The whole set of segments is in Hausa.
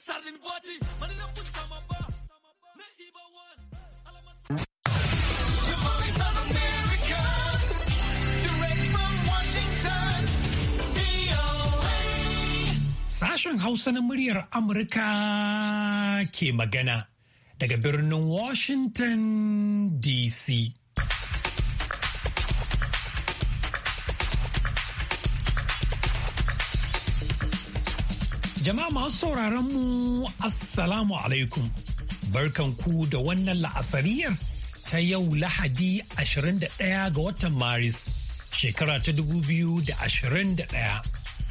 Sashen Hausa na muryar Amurka ke magana daga birnin Washington DC. Jama'a masu sauraron mu Assalamu alaikum. Barkanku da wannan la'asariyar ta yau Lahadi 21 ga watan Maris, shekara ta 2021,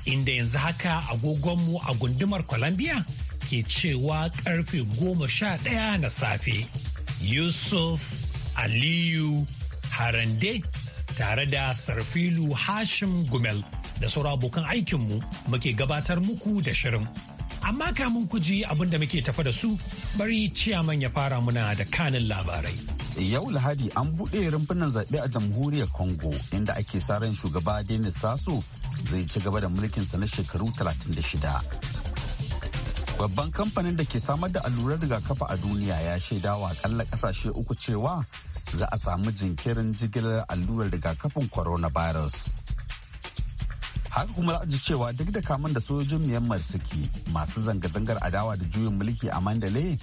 inda yanzu haka agogonmu a gundumar Columbia ke cewa karfe 11 na safe. Yusuf Aliyu Harande tare da Sarfilu Hashim Gumel. da sauran abokan aikinmu muke gabatar muku da shirin. Amma kamun ku ji abinda muke tafa da su bari ciyaman ya fara muna da kanin labarai. Yau Lahadi an buɗe rumfunan zaɓe a jamhuriyar Congo inda ake sa ran shugaba Denis Sassou zai ci gaba da sa na shekaru 36. Babban kamfanin da ke samar da allurar rigakafa a duniya ya shaida wa akalla ƙasashe uku cewa za a samu jinkirin jigilar allurar rigakafin coronavirus. haka kuma za a ji cewa duk da kamun da sojojin myanmar suke masu zanga-zangar adawa da juyin mulki a mandalay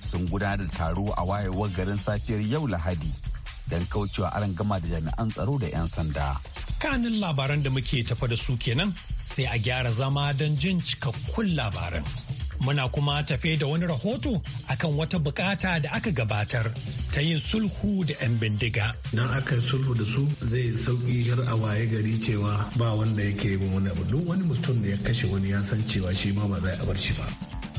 sun gudanar da taro a wayewar garin safiyar yau lahadi don kaucewa aron gama da jami'an tsaro da 'yan sanda kanin labaran da muke tafa da su kenan sai a gyara zama don jin cikakkun labaran Muna kuma tafe da wani rahoto akan wata bukata da aka gabatar ta yin sulhu da 'yan bindiga. na aka yi sulhu da su zai sauki har a waye gari cewa ba wanda yake yi wani abu. Duk wani mutum da ya kashe wani ya san cewa shi ma ba zai bar shi ba.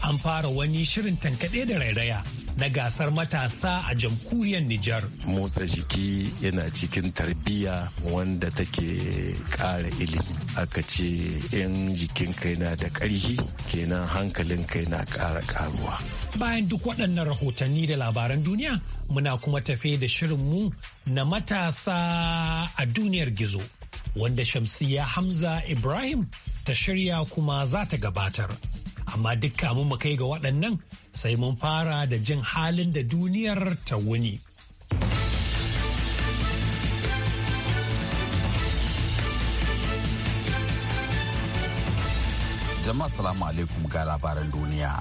An fara wani shirin tankaɗe da rairaya na gasar matasa a jamhuriyar Nijar. Motsa jiki yana cikin tarbiyya wanda take ƙara ilimi. Aka ce in jikin kai na da ƙarfi kenan hankalin kai na ƙara ƙaruwa. Bayan duk waɗannan rahotanni da labaran duniya, muna kuma tafe da shirinmu na matasa a duniyar gizo. Wanda Shamsiya Hamza Ibrahim ta shirya kuma za ta gabatar. Amma dukka mu kai ga waɗannan sai mun fara da jin halin da duniyar ta wuni. Jama'a salamu alaikum ga labaran duniya.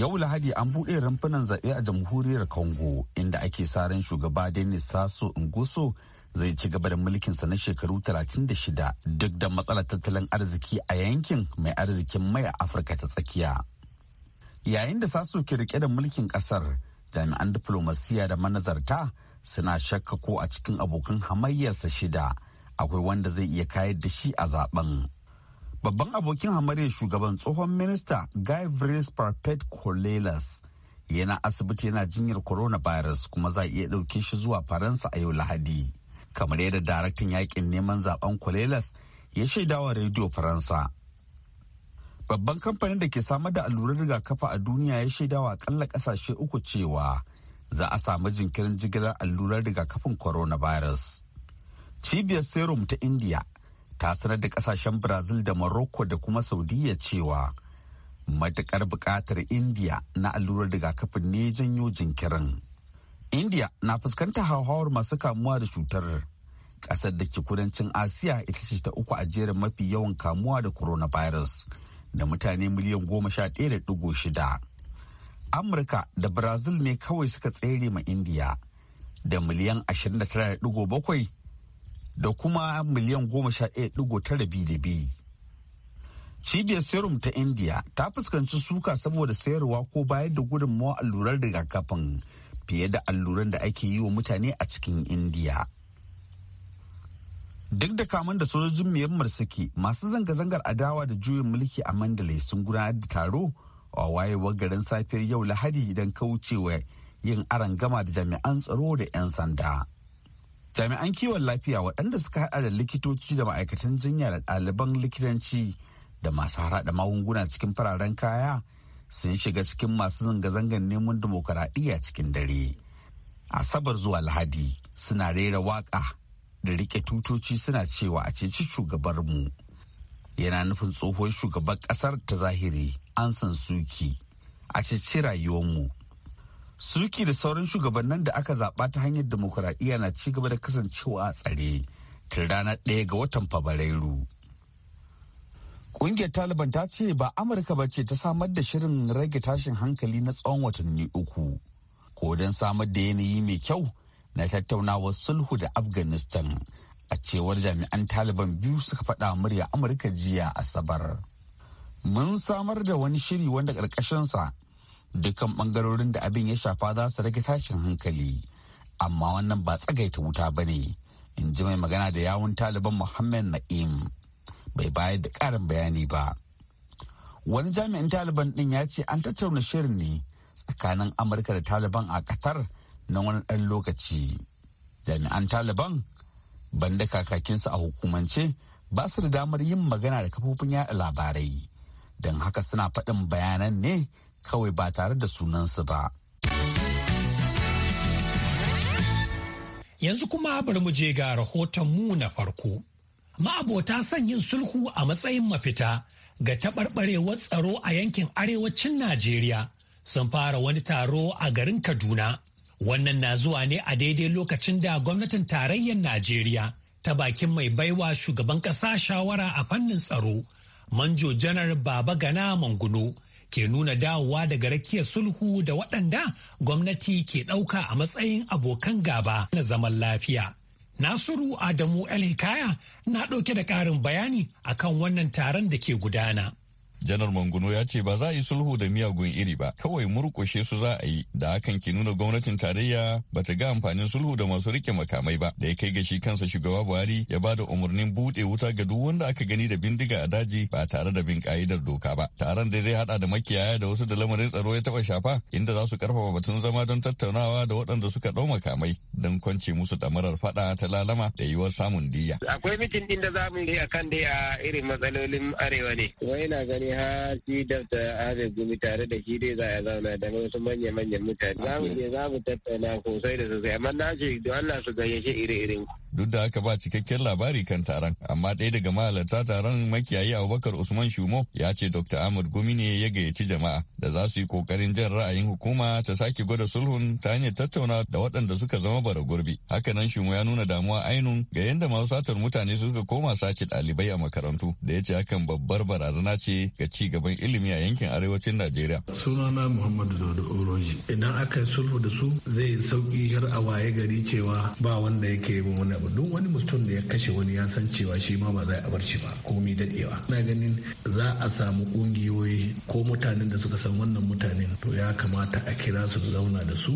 Yau Lahadi an buɗe rumfunan zaɓe a jamhuriyar Congo inda ake sa ran shugaba Denis Sassou Nguesso zai ci gaba da mulkinsa na shekaru 36 duk da matsalar tattalin arziki a yankin mai arzikin mai a Afirka ta tsakiya. yayin da sasu ke rike da mulkin kasar jami'an diplomasiya da manazarta suna shakka ko a cikin abokan hamayyarsa shida akwai wanda zai iya kayar da shi a zaben babban abokin hamayyar shugaban tsohon minista guy vries parpet colelas yana asibiti yana jinyar coronavirus kuma za a iya ɗauke shi zuwa faransa a yau lahadi kamar yadda daraktan yakin neman zaben colelas ya shaidawa rediyo faransa Babban kamfanin da ke samar da allurar rigakafi a duniya ya shaidawa akalla kasashe uku cewa za a samu jinkirin jigilar allurar rigakafin coronavirus. Cibiyar Serum ta India ta sanar da kasashen Brazil da Morocco da kuma Saudiya cewa matukar buƙatar India na allurar rigakafin ne janyo jinkirin. India na fuskantar hauhawar masu kamuwa da cutar. Ƙasar da ke kudancin Asiya ita ce ta uku a jerin mafi yawan kamuwa da coronavirus. da mutane miliyan goma sha ɗaya da shida. Amurka da Brazil ne kawai suka tsere ma Indiya da miliyan ashirin da tara da da bakwai kuma miliyan goma sha ɗaya da ɗigo tara biyu. Cibiyar Serum ta indiya ta fuskanci suka saboda sayarwa ko bayar da gudunmawa allurar rigakafin fiye da alluran da ake yi wa mutane a cikin indiya. Duk da kamun da sojojin Myanmar suke masu zanga-zangar adawa da juyin mulki a Mandalay sun gudanar da taro a wayewar garin safiyar yau Lahadi don kaucewa yin aron gama da jami'an tsaro da 'yan sanda. Jami'an kiwon lafiya waɗanda suka haɗa da likitoci da ma'aikatan jinya da ɗaliban likitanci da masu haraɗa magunguna cikin fararen kaya sun shiga cikin masu zanga-zangar neman dimokuraɗiyya cikin dare. Asabar zuwa Lahadi suna rera waƙa da rike tutoci suna cewa a ceci shugabarmu yana nufin tsohon shugaban kasar ta zahiri an san suki a ceci rayuwarmu suki da sauran shugabannin da aka zaɓa ta hanyar demokuraɗiyya na ci gaba da kasancewa a tsare tun ranar ɗaya ga watan fabrairu Ƙungiyar Taliban ta ce ba Amurka ba ce ta samar da shirin rage tashin hankali na tsawon watanni uku. Ko don samar da yanayi mai kyau na tattaunawar sulhu da afghanistan a cewar jami'an taliban biyu suka faɗa murya amurka jiya asabar mun samar da wani shiri wanda ƙarƙashinsa dukkan ɓangarorin da abin ya shafa za su rage tashin hankali amma wannan ba tsagaita wuta ba ne in ji mai magana da yawun taliban muhammad na'im bai bayar da ƙarin bayani ba wani jami'in taliban ɗin ya ce an tattauna shirin ne tsakanin amurka da taliban a qatar na wani ɗan lokaci jami'an taliban banda kakakinsu a hukumance ba su da damar yin magana da kafofin yaɗa labarai don haka suna faɗin bayanan ne kawai ba tare da sunansu ba. Yanzu kuma bari mu je ga rahoton mu na farko. Ma'abota son yin sulhu a matsayin mafita ga taɓarɓarewar tsaro a yankin arewacin Najeriya sun fara wani taro a garin Kaduna Wannan na zuwa ne a daidai lokacin da gwamnatin tarayyar Najeriya ta bakin mai baiwa shugaban ƙasa shawara a fannin tsaro, Manjo Janar Baba Gana Manguno ke nuna dawowa daga rakiyar sulhu da waɗanda gwamnati ke ɗauka a matsayin abokan gaba na zaman lafiya. Nasiru Adamu El Hikaya na ɗauke da ƙarin bayani akan wannan taron da ke gudana. janar manguno ya ce ba za a yi sulhu da miyagun iri ba kawai murkushe su za a yi da hakan ke nuna gwamnatin tarayya ba ta ga amfanin sulhu da masu rike makamai ba da ya kai gashi kansa shugaba buhari ya ba da umarnin buɗe wuta ga duk wanda aka gani da bindiga a daji ba tare da bin ka'idar doka ba taron da zai hada da makiyaya da wasu da lamarin tsaro ya taba shafa inda za su karfafa batun zama don tattaunawa da waɗanda suka ɗau makamai don kwance musu damarar faɗa ta lalama da yiwuwar samun diya. akwai mitin din da za mu yi akan dai a irin matsalolin arewa ne wai ne har shi Gumi tare da shi dai za a zauna da wasu manya-manyan mutane. Za mu je za mu tattauna sosai da sosai amma na ce don Allah su gayyace ire-iren Duk da haka ba cikakken labari kan taron amma ɗaya daga mahalarta taron makiyayi Abubakar Usman Shumo ya ce Dr. ahmad Gumi ne ya gayyaci jama'a da za su yi kokarin jan ra'ayin hukuma ta sake gwada sulhun ta hanyar tattauna da waɗanda suka zama bara gurbi. Hakanan Shumo ya nuna damuwa ainun ga yadda masu satar mutane suka koma sace ɗalibai a makarantu da ya ce hakan babbar barazana ce ga ci gaban ilimi a yankin arewacin Najeriya. Sunana Muhammadu Dodo Oroji. Idan aka yi sulhu da su zai sauki har a waye gari cewa ba wanda yake yi wani abu. Duk wani mutum da ya kashe wani ya san cewa shi ma ba zai a bar shi ba komi daɗewa. Na ganin za a samu ƙungiyoyi ko mutanen da suka san wannan mutanen to ya kamata a kira su zauna da su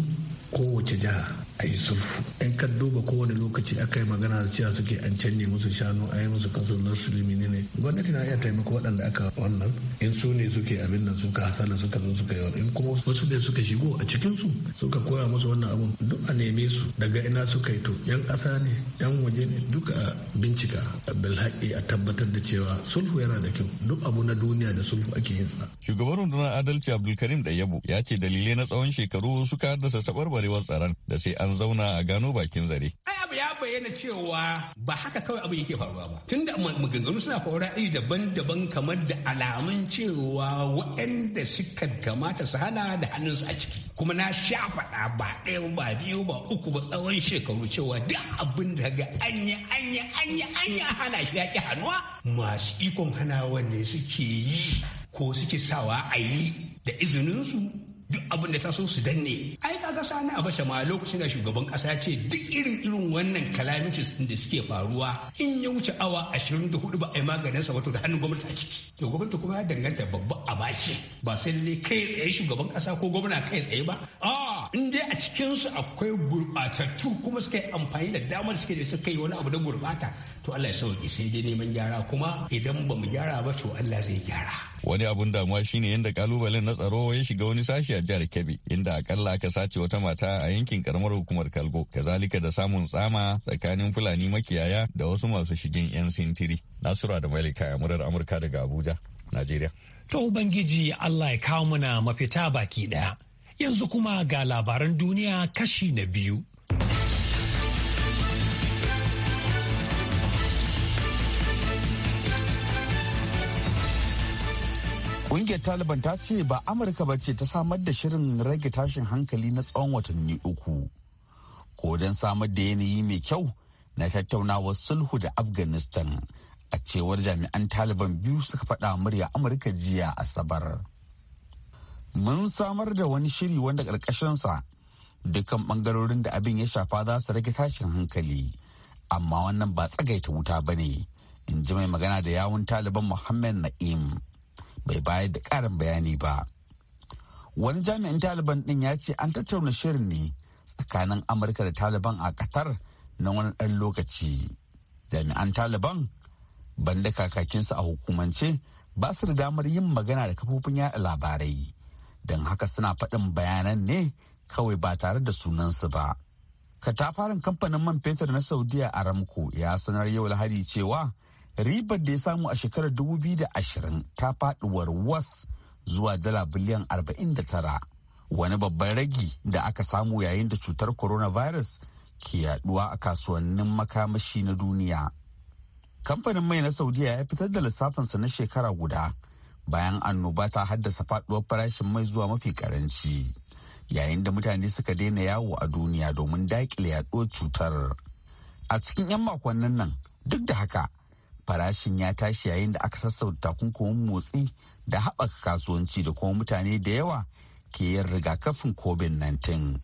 kowace jiha a yi sulfu in ka duba kowane lokaci aka yi magana da cewa suke an canje musu shanu a yi musu kasu na sulimi ne gwamnati na iya taimako waɗanda aka wannan in su ne suke abin da suka hasala suka zo suka yi in kuma wasu ne suka shigo a cikin su suka koya musu wannan abun duk a neme su daga ina suka yi to yan ƙasa ne yan waje ne duk a bincika bilhaƙi a tabbatar da cewa sulhu yana da kyau duk abu na duniya da sulhu ake yin sa shugaban rundunar adalci abdulkarim da yabo ya ce dalilai na tsawon shekaru suka haddasa taɓarɓarewar tsaron da sai an an zauna a gano bakin zare. Ai abu ya bayyana cewa ba haka kawai abu yake faruwa ba. Tunda da maganganu suna faruwa iri daban-daban kamar da alamun cewa waɗanda suka kamata su hana da hannunsu a ciki. Kuma na sha faɗa ba ɗaya ba biyu ba uku ba tsawon shekaru cewa duk abin da ga anya anya anya anya hana shi ya ƙi hannuwa. Masu ikon hanawa ne suke yi ko suke sawa a yi da izininsu duk abin da ta so su danne ai kaga sani a basha ma lokacin da shugaban kasa ce duk irin irin wannan calamities din da suke faruwa in ya wuce awa 24 ba a yi maganin sa wato da hannun gwamnati a ciki to gwamnati kuma ya danganta babba a bashi ba sai lalle kai tsaye shugaban kasa ko gwamna kai tsaye ba a in dai a cikin su akwai gurbatattu kuma suka yi amfani da damar suke da suka yi wani abu da gurbata to Allah ya sauke sai dai neman gyara kuma idan ba mu gyara ba to Allah zai gyara wani abun damuwa shine yadda kalubalen na tsaro ya shiga wani sashi a a jihar Kebbi inda akalla aka sace wata mata a yankin karamar hukumar Kalgo kazalika da samun tsama tsakanin Fulani makiyaya da wasu masu shigen 'yan sintiri. Nasura da Malika ya murar Amurka daga Abuja, Najeriya. To Ubangiji Allah ya kawo mana mafita baki ɗaya. Yanzu kuma ga labaran duniya kashi na biyu. Ƙungiyar Taliban ta ce ba Amurka ba ce ta samar da shirin rage tashin hankali na tsawon watanni uku. Ko don samar da yanayi mai kyau na tattaunawar sulhu da Afghanistan a cewar jami'an Taliban biyu suka faɗa murya Amurka jiya Asabar. Mun samar da wani shiri wanda ƙarƙashinsa dukkan ɓangarorin da abin ya shafa za su rage tashin hankali. Amma wannan ba tsagaita wuta ba ne, in ji mai magana da yawun Taliban Muhammad Na'im. bai bayar da ƙarin bayani ba wani jami'in taliban ɗin ya ce an tattauna shirin ne tsakanin amurka da taliban a qatar na wani ɗan lokaci jami'an taliban banda kakakinsu a hukumance ba su da damar yin magana da kafofin yaɗa labarai don haka suna faɗin bayanan ne kawai ba tare da sunansu ba katafaren kamfanin man fetur na saudiya aramco ya sanar yau lahadi cewa ribar da ya samu a shekarar 2020 ta faɗi warwas zuwa dala biliyan 49 wani babban ragi da aka samu yayin da cutar coronavirus ke yaduwa a kasuwannin makamashi na duniya kamfanin mai na saudiya ya fitar da lissafinsa na shekara guda bayan annoba ta haddasa faduwar farashin mai zuwa mafi karanci yayin da mutane suka daina yawo a duniya domin daƙile yaduwar cutar a cikin 'yan makonnin nan duk da haka farashin ya tashi yayin da aka sassauta takunkumin motsi da haɓaka kasuwanci da kuma mutane da yawa ke yin rigakafin covid-19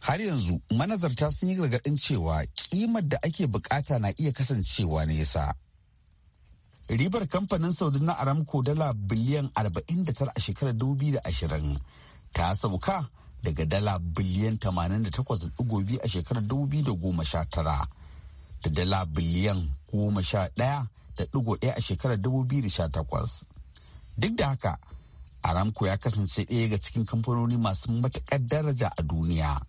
har yanzu manazarta sun yi gargaɗin cewa kimar da ake bukata na iya kasancewa nesa ribar kamfanin saudi na aramco dala biliyan 49 a shekarar 2020 ta sauka daga dala biliyan 88.2 a shekarar 2019 da dala biliyan 11 da ɗigo ɗaya a shekarar 2018 duk da haka aramco ya kasance ɗaya ga cikin kamfanoni masu matuƙar daraja a duniya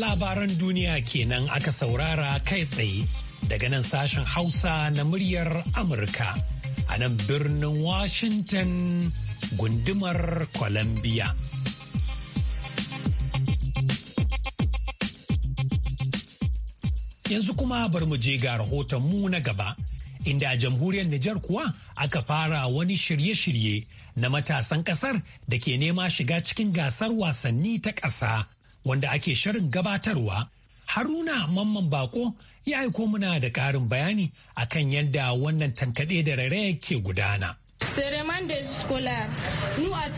labaran duniya kenan aka saurara kai tsaye daga nan sashen hausa na muryar amurka a nan birnin washington gundumar Columbia. Yanzu kuma bar mu je ga rahotonmu na gaba, inda a jamhuriyar Nijar kuwa aka fara wani shirye-shirye na matasan ƙasar da ke nema shiga cikin gasar wasanni ta ƙasa wanda ake shirin gabatarwa. Haruna Mamman Bako ya aiko muna da ƙarin bayani akan yadda wannan tankaɗe da rairaya ke gudana. Sereman de Scolar, nous à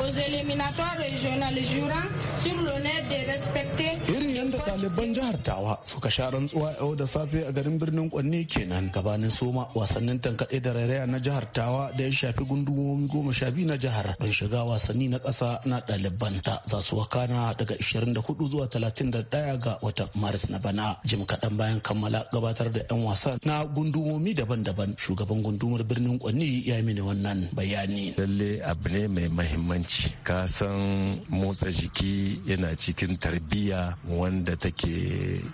aux éliminatoires régionales jurant sur l'honneur de respecter. Irin yadda ɗaliban jihar Tawa suka sha rantsuwa yau da safe a garin birnin Kwanne kenan gabanin soma wasannin tankaɗe da rairaya na jihar Tawa da ya shafi gundumomi goma sha biyu na jihar don shiga wasanni na ƙasa na ɗaliban da za su wakana daga 24 zuwa talatin da 31 ga watan Maris na bana. Jim kaɗan bayan kammala gabatar da 'yan wasan na gundumomi daban-daban shugaban gundumar birnin Kwanne ya yi mini wannan bayani. Lalle abu ne mai mahimmanci abinci ka san motsa jiki yana cikin tarbiyya wanda take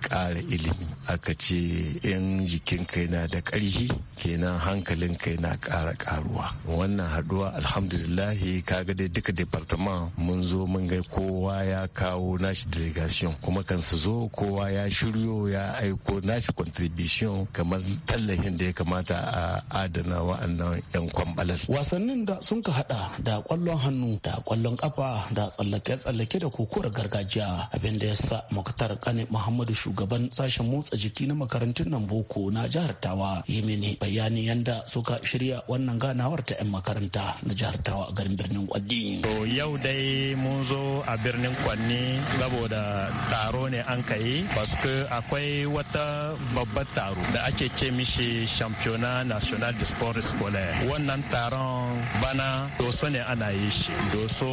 ƙara ilimi aka ce in jikin kai na da ƙarhi kenan hankalin kai na ƙara ƙaruwa wannan haɗuwa alhamdulillahi kaga dai duka departement mun zo mun ga kowa ya kawo nashi delegation kuma kan su zo kowa ya shiryo ya aiko nashi contribution kamar tallahin da ya kamata a adana wa'annan 'yan kwambalar wasannin da sun ka hada da kwallon hannu da kwallon kafa da tsallake-tsallake da kokowar gargajiya abin da ya sa muktar kane muhammadu shugaban sashen motsa jiki na makarantun nan boko na jihar tawa yi mini bayani yanda suka shirya wannan ganawar ta 'yan makaranta na jihar tawa a garin birnin kwanni. to yau dai mun zo a birnin kwanni saboda taro ne an kai basu akwai wata babbar taro da ake ce mishi championnat national de sport scolaire wannan taron bana doso ne ana yi shi doso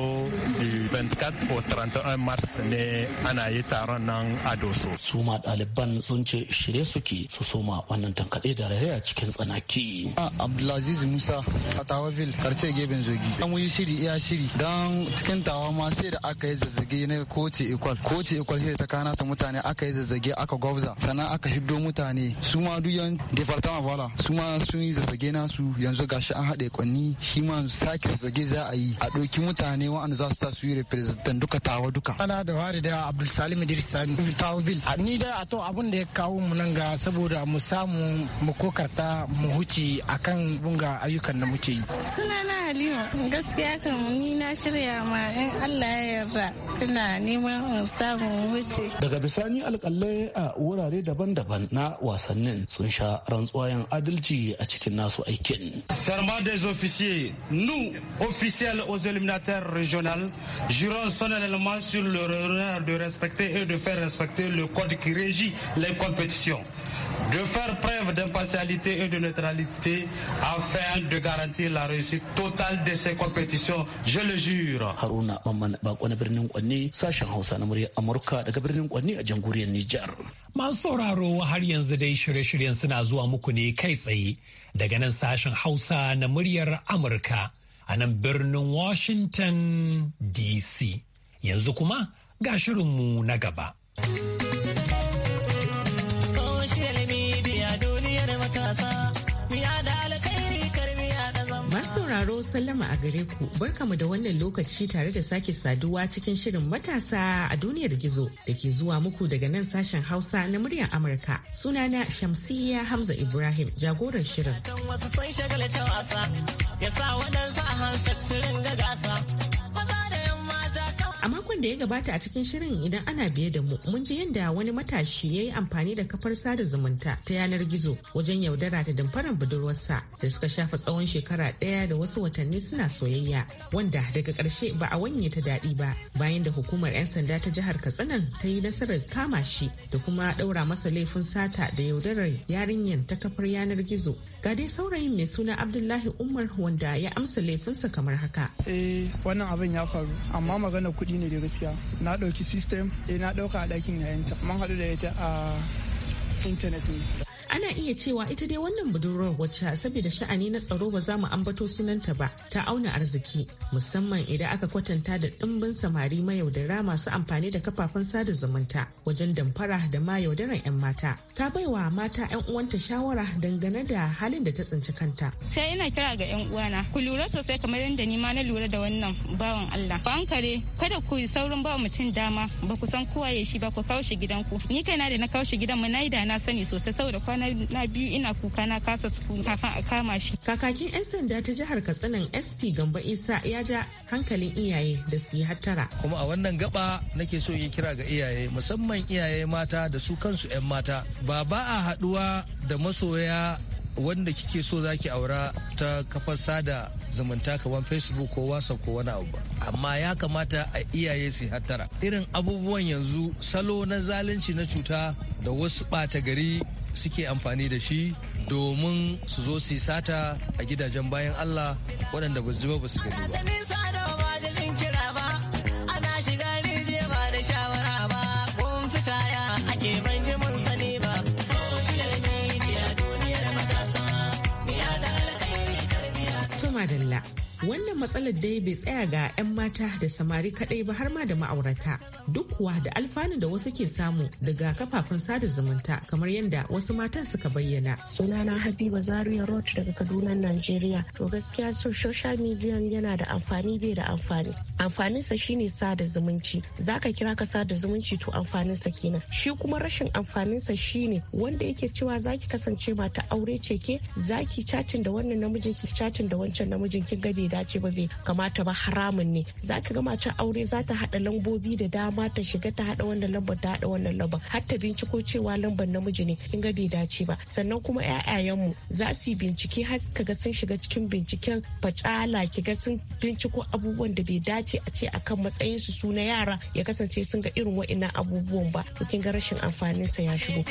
24 ko 31 mars ne ana yi e taron nan a doso su ma ɗaliban sun ce shirye suke su soma wannan tankaɗe da raraya cikin tsanaki abdulaziz musa a tawafil karce geben zogi an yi shiri iya shiri don cikin tawa ma sai da aka yi zazzage na koce ikwal koce ikwal shi ta kana ta mutane aka yi zazzage aka gwabza sannan aka hiddo mutane su ma duyan department voila su ma sun yi zazzage nasu yanzu gashi an haɗe kwanni shi ma sake zazzage za a yi a ɗauki mutane wa'anda za su ta yi representan duka tawa duka. Ana da wari da Abdulsalim Idris Sani Tawville. Ni da a to abin da ya kawo mu nan ga saboda mu samu mu kokarta mu huce akan bunga ayyukan da muke yi. Sunana Halima gaskiya kan ni na shirya ma in Allah ya yarda ina neman in samu huce. Daga bisani alƙalai a wurare daban-daban na wasannin sun sha yan adalci a cikin nasu aikin. Sarmadez des nous, aux éliminatoires régional régional, jurons solennellement sur le de respecter et de faire respecter le code qui régit les compétitions de faire preuve d'impartialité et de neutralité afin de garantir la réussite totale de ces compétitions, je le jure. a nan birnin Washington DC. Yanzu kuma ga shirinmu na gaba. sauraro sallama a gare ku barkamu da wannan lokaci tare da sake saduwa cikin shirin matasa a duniyar gizo da ke zuwa muku daga nan sashen Hausa na muryar Amurka. Sunana Shamsiyya Hamza Ibrahim jagoran shirin. A makon da ya gabata a cikin shirin idan ana biye da mu mun ji yadda wani matashi ya yi amfani da kafar sada zumunta ta yanar gizo wajen yaudara da damfaran budurwarsa da suka shafa tsawon shekara ɗaya da wasu watanni suna soyayya wanda daga ƙarshe ba a wanye ta daɗi ba bayan da hukumar 'yan sanda ta jihar Katsina ta yi nasarar kama shi da kuma ɗaura masa laifin sata da yaudarar yarinyar ta kafar yanar gizo Ga dai saurayin mai suna Abdullahi Umar wanda ya amsa laifinsa kamar haka. Eh wannan abin ya faru amma magana kuɗi ne da gaskiya. Na ɗauki system eh na ɗauka a ɗakin yayanta. Mun haɗu da ita a intanet ne. ana iya cewa ita dai wannan budurwar wacce saboda sha'ani na tsaro ba za mu ambato sunanta ba ta auna arziki musamman idan aka kwatanta da ɗimbin samari mayaudara masu amfani da kafafen sada zumunta wajen damfara da ma 'yan mata ta baiwa mata 'yan uwanta shawara dangane da halin da ta tsinci kanta sai ina kira ga 'yan uwana ku lura sosai kamar yadda ni ma na lura da wannan bawan Allah ku hankali kada ku yi saurin ba mutum dama ba ku san kowa ya shi ba ku kawo shi gidanku ni kaina da na kaushe gidan mu na yi da na sani sosai saboda kwana na biyu ina kuka na kasa su kafin a kama shi. Kakakin 'yan sanda ta jihar Katsinan SP Gamba Isa ya ja hankalin iyaye da su yi hattara. Kuma a wannan gaba nake so yi kira ga iyaye musamman iyaye mata da su kansu 'yan mata. Ba ba a haɗuwa da masoya wanda kike so zaki aura ta kafar sada zumunta kamar facebook ko whatsapp ko wani abu amma ya kamata a iyaye su hattara irin abubuwan yanzu salo na zalunci na cuta da wasu ɓata gari suke amfani da shi domin su zo su sata a gidajen bayan Allah waɗanda ba su ba su gani ba. Wannan matsalar dai bai tsaya ga 'yan mata da samari kadai ba har ma da ma'aurata. Duk kuwa da alfanun da wasu ke samu daga kafafen sada zumunta kamar yadda wasu matan suka bayyana. Sunana Habiba Zaria Road daga Kaduna, nigeria To gaskiya so social media yana da amfani bai da amfani. Amfaninsa shine sada zumunci. zaka kira ka sada zumunci to amfaninsa kenan. Shi kuma rashin amfaninsa shine wanda yake cewa zaki kasance mata aure ce ke zaki da wannan namijin ki cacin da wancan namijin kin gabe dace ba bai kamata ba haramun ne za ka ga matar aure za ta haɗa lambobi da dama ta shiga ta haɗa wannan lambar ta haɗa wannan lambar har ta binciko cewa lambar namiji ne kin ga bai dace ba sannan kuma ƴaƴayenmu za su bincike har ka ga sun shiga cikin binciken facala ki ga sun binciko abubuwan da bai dace a ce akan matsayin su su yara ya kasance sun ga irin wa'innan abubuwan ba to kin ga rashin amfanin sa ya shigo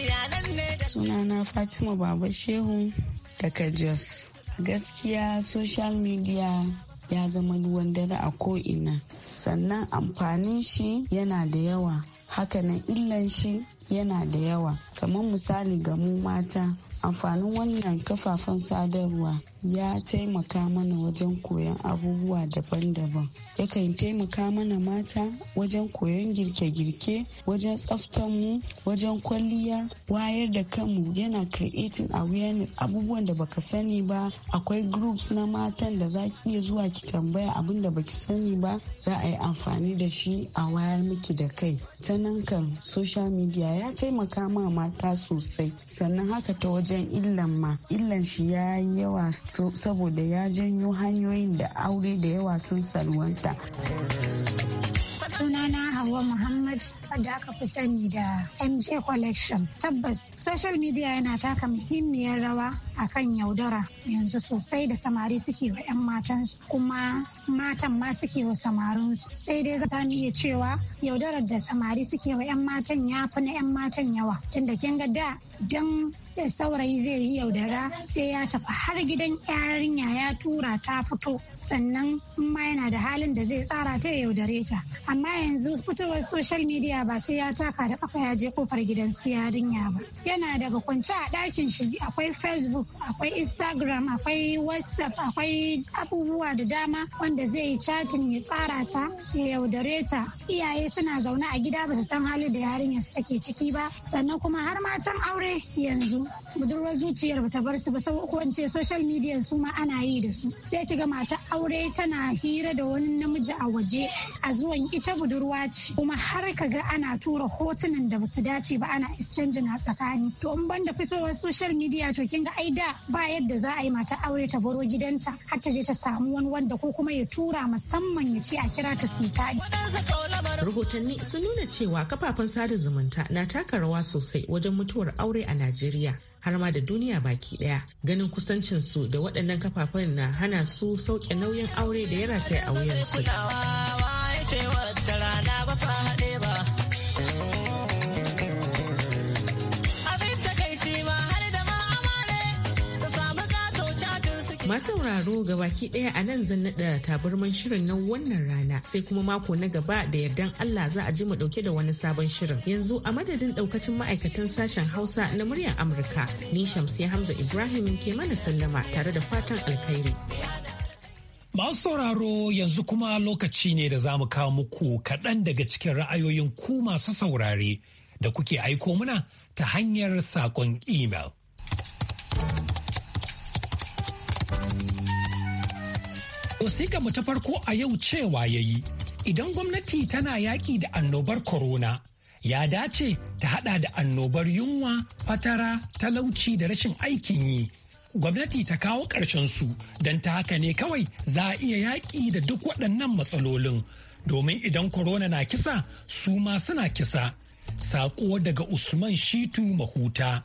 sunana Fatima Baba Shehu daga Jos gaskiya social media ya zama ruwan dare a ko'ina sannan amfanin shi yana da yawa hakanan illan shi yana da yawa kamar misali ga mu mata amfanin wannan kafafen sadarwa ya taimaka mana wajen koyon abubuwa daban-daban yakan taimaka mana mata wajen koyon girke-girke wajen mu wajen kwalliya wayar da kanmu yana creating awareness abubuwan da baka sani ba akwai groups na matan da za ki iya zuwa ki tambaya abin da baki sani ba za a yi amfani da shi a wayar miki da kai ta nan kan social media ya taimaka ma mata sosai sannan haka ta wajen wajen illan ma illan shi ya yi yawa saboda ya janyo hanyoyin da aure da yawa sun salwanta. sunana hawa Muhammad wadda aka fi sani da MJ Collection. Tabbas, social media yana taka muhimmiyar rawa a kan yaudara yanzu sosai da samari suke wa 'yan matansu kuma matan ma suke wa samarinsu. Sai dai za mu iya cewa yaudarar da samari suke wa 'yan matan ya fi na 'yan matan yawa. Tunda kin ga da idan da saurayi zai yi yaudara sai ya tafi har gidan yarinya ya tura ta fito sannan ma yana da halin da zai tsara ta yaudare ta amma yanzu fitowar social media ba sai ya taka da kafa ya je kofar gidan su yarinya ba yana daga kwance a dakin shi akwai facebook akwai instagram akwai whatsapp akwai abubuwa da dama wanda zai yi chatting ya tsara ta ya yaudare ta iyaye suna zaune a gida ba su san halin da yarinya su take ciki ba sannan kuma har matan aure yanzu budurwar zuciyar ba ta bar su ba sau ko in ce social media su ma ana yi da su sai ki ga mata aure tana hira da wani namiji a waje a zuwan ita budurwa ce kuma har ka ga ana tura hotunan da basu dace ba ana exchanging na tsakani to in banda fitowar social media to kin ga ai da ba yadda za a yi mata aure ta baro gidanta har ta je ta samu wani wanda ko kuma ya tura musamman ya ce a kira ta sita rahotanni sun nuna cewa kafafen sada zumunta na taka rawa sosai wajen mutuwar aure a Najeriya har ma da duniya baki daya ganin kusancin su da waɗannan kafafen na hana su sauke nauyin aure da ya rataya a wuyansu. Masu sauraro ga baki ɗaya a nan zan naɗa tabarman shirin na wannan rana sai kuma mako na gaba da yardan Allah za a ji mu ɗauke da wani sabon shirin. Yanzu a madadin ɗaukacin ma'aikatan sashen Hausa na muryar Amurka ni Shamsiya Hamza Ibrahim ke mana sallama tare da fatan alkhairi. Masu sauraro yanzu kuma lokaci ne da za mu kawo muku kaɗan daga cikin ra'ayoyin ku masu saurare da kuke aiko muna ta hanyar saƙon imel. wasiƙa mu ta farko a yau cewa ya yi, idan gwamnati tana yaƙi da annobar corona, ya dace ta hada da annobar yunwa, fatara, talauci da rashin aikin yi. Gwamnati ta kawo ƙarshen su don ta haka ne kawai za a iya yaƙi da duk waɗannan matsalolin. Domin idan corona na kisa, su ma suna kisa. Saƙo daga Usman Shitu Mahuta.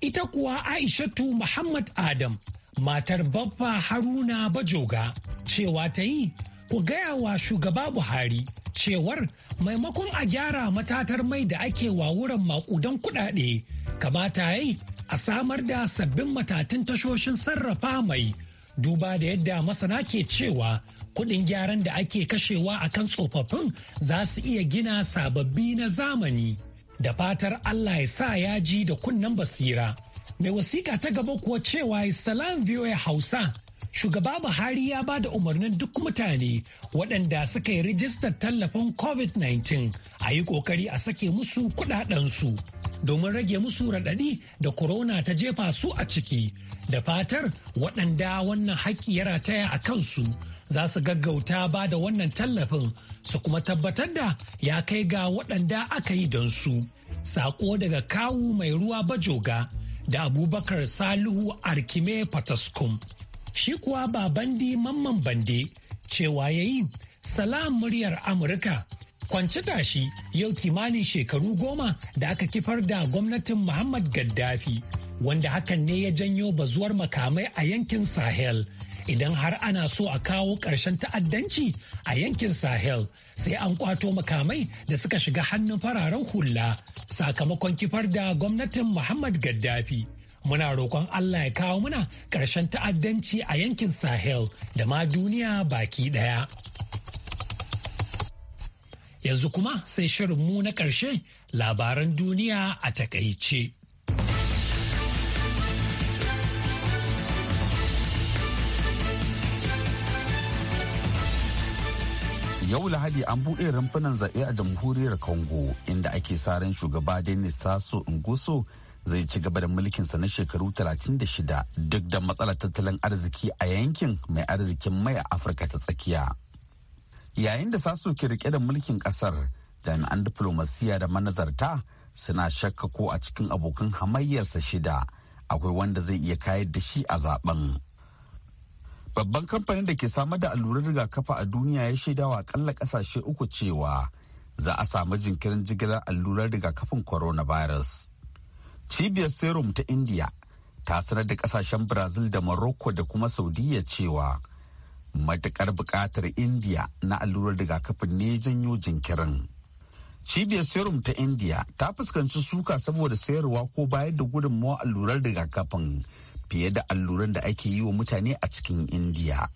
Ita kuwa Aishatu Muhammad Adam matar babba haruna bajoga cewa ta yi ku gaya wa shugaba buhari cewar maimakon a gyara matatar mai da ake wa wurin makudan kudade kamata yi a samar da sabbin matatun tashoshin sarrafa mai duba da yadda masana ke cewa kudin gyaran da ake kashewa a kan tsofaffin za su iya gina sababbi na zamani da fatar allah ya sa yaji da kunnen basira mai wasiƙa ta gaba kuwa cewa salam voa hausa shugaba buhari ya ba da umarnin duk mutane waɗanda suka yi rijistar tallafin covid-19 a yi ƙoƙari a sake musu kuɗaɗensu domin rage musu raɗaɗi da corona ta jefa su a ciki da fatar waɗanda wannan haƙƙi ya rataya a kansu za su gaggauta ba da wannan tallafin su kuma tabbatar da ya kai ga waɗanda aka yi don su. Sako daga kawu mai ruwa bajoga da abubakar salihu arkime pataskum shi kuwa ba bandi mamman bande cewa ya yi salam muryar amurka kwanci shi yau kimanin shekaru goma da aka kifar da gwamnatin muhammad gaddafi wanda hakan ne ya janyo bazuwar makamai a yankin sahel idan har ana so a kawo ƙarshen ta'addanci a yankin sahel sai an kwato makamai da suka shiga hannun fararen hula sakamakon kifar da gwamnatin muhammad gaddafi muna roƙon allah ya kawo muna ƙarshen ta'addanci a yankin sahel da ma duniya baki ɗaya yanzu kuma sai shirinmu na ƙarshe labaran duniya a takaice. yau lahadi an buɗe rumfunan zaɓe a jamhuriyar congo inda ake sa ran shugaba denis sasso nguso zai ci gaba da mulkinsa na shekaru 36 duk da matsalar tattalin arziki a yankin mai arzikin mai a afirka ta tsakiya yayin da saso ke rike da mulkin kasar jami'an diplomasiya da manazarta suna shakka ko a cikin abokan hamayyarsa shida akwai wanda zai iya kayar da shi a zaben. Babban kamfanin da ke samar da allurar rigakafi a duniya ya shaida wa akalla kasashe uku cewa za a samu jinkirin jigilar allurar rigakafin coronavirus. Cibiyar Serum ta India ta sanar da kasashen Brazil da Morocco da kuma Saudiya cewa matukar bukatar India na allurar rigakafin ne janyo jinkirin. Cibiyar Serum ta India ta fuskanci suka saboda sayarwa ko bayar da gudunmawa allurar rigakafin. fiye da alluran da ake yi wa mutane a cikin indiya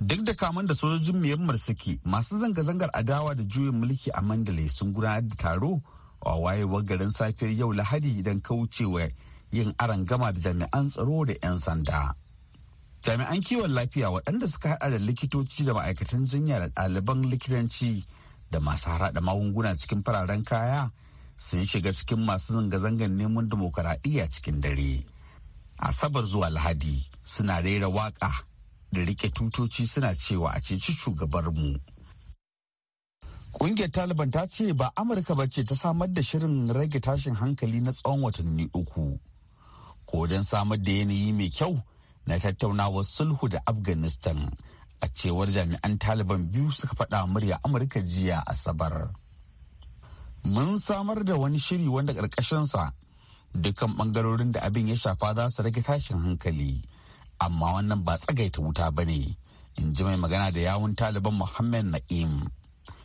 duk da kaman da sojojin myanmar suke masu zanga-zangar adawa da juyin mulki a mandalay sun gudanar da taro a wayewar garin safiyar yau lahadi don kaucewa yin aron gama da jami'an tsaro da 'yan sanda jami'an kiwon lafiya waɗanda suka haɗa da likitoci da ma'aikatan jinya da ɗaliban likitanci da masu hara magunguna cikin fararen kaya sun shiga cikin masu zanga-zangar neman dimokuraɗiyya cikin dare asabar zuwa lahadi suna rera waka da rike tutoci suna cewa a ceci mu. Ƙungiyar Taliban ta ce ba Amurka ba ce ta samar da shirin rage tashin hankali na tsawon watanni uku. Ko don samar da yanayi mai kyau na tattaunawar sulhu da Afghanistan a cewar jami'an Taliban biyu suka faɗa murya Amurka jiya Asabar. Mun samar da wani shiri wanda ƙarƙashinsa dukkan bangarorin da abin ya shafa za su rage tashin hankali amma wannan ba tsagaita wuta ba ne in ji mai magana da yawun taliban muhammad na'im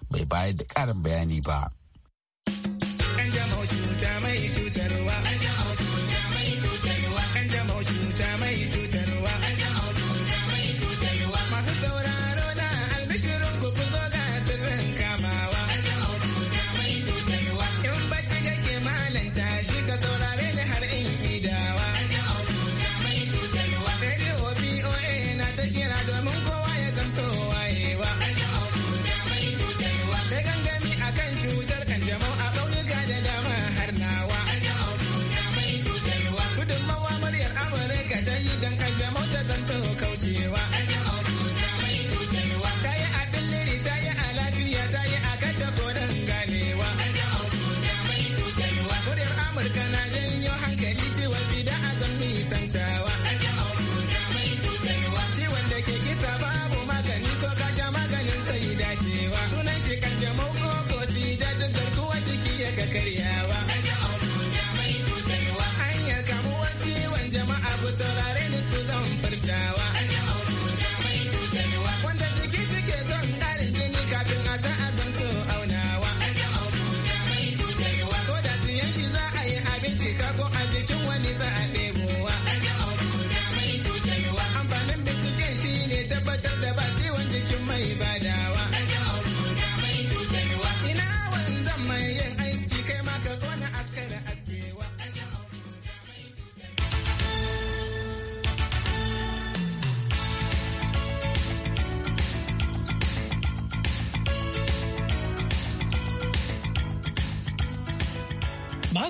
bai bayar da karin bayani ba. cuta mai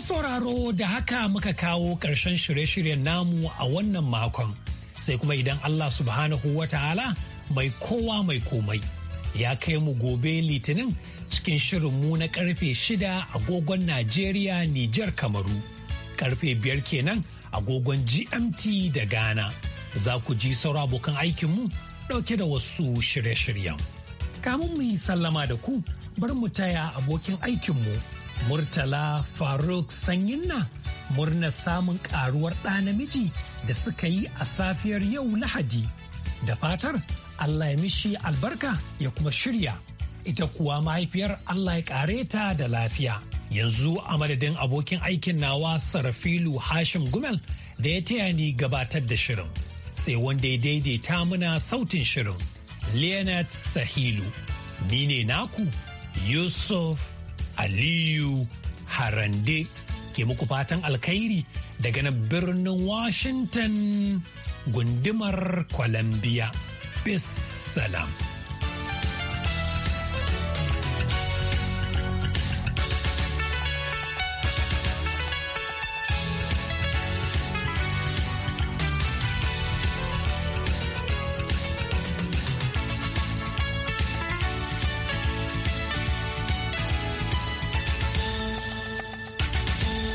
sauraro da haka muka kawo ƙarshen shirye-shiryen namu a wannan makon sai kuma idan Allah subhanahu wa ta'ala mai kowa mai komai ya kai mu gobe litinin cikin shirin mu na karfe shida agogon Najeriya Nijar Kamaru karfe biyar kenan agogon GMT da Ghana za ku ji saura abokan aikinmu ɗauke da wasu shirye-shiryen. Kamun mu yi sallama da ku bar mu taya abokin aikinmu Murtala Faruk Sanyinna murnar samun karuwar ɗa namiji da suka yi a safiyar yau Lahadi. Da fatar Allah ya mishi albarka ya kuma shirya. Ita kuwa mahaifiyar Allah ya ƙare ta da lafiya. Yanzu a madadin abokin aikin nawa Sarafilu Hashim Gumel da ya taya ni gabatar da shirin. Sai wanda ya daidaita muna sautin shirin. Leonard Sahilu. Ni ne naku Yusuf Aliyu Harande ke muku fatan alkhairi daga na birnin Washington gundumar Columbia. Peace, salam.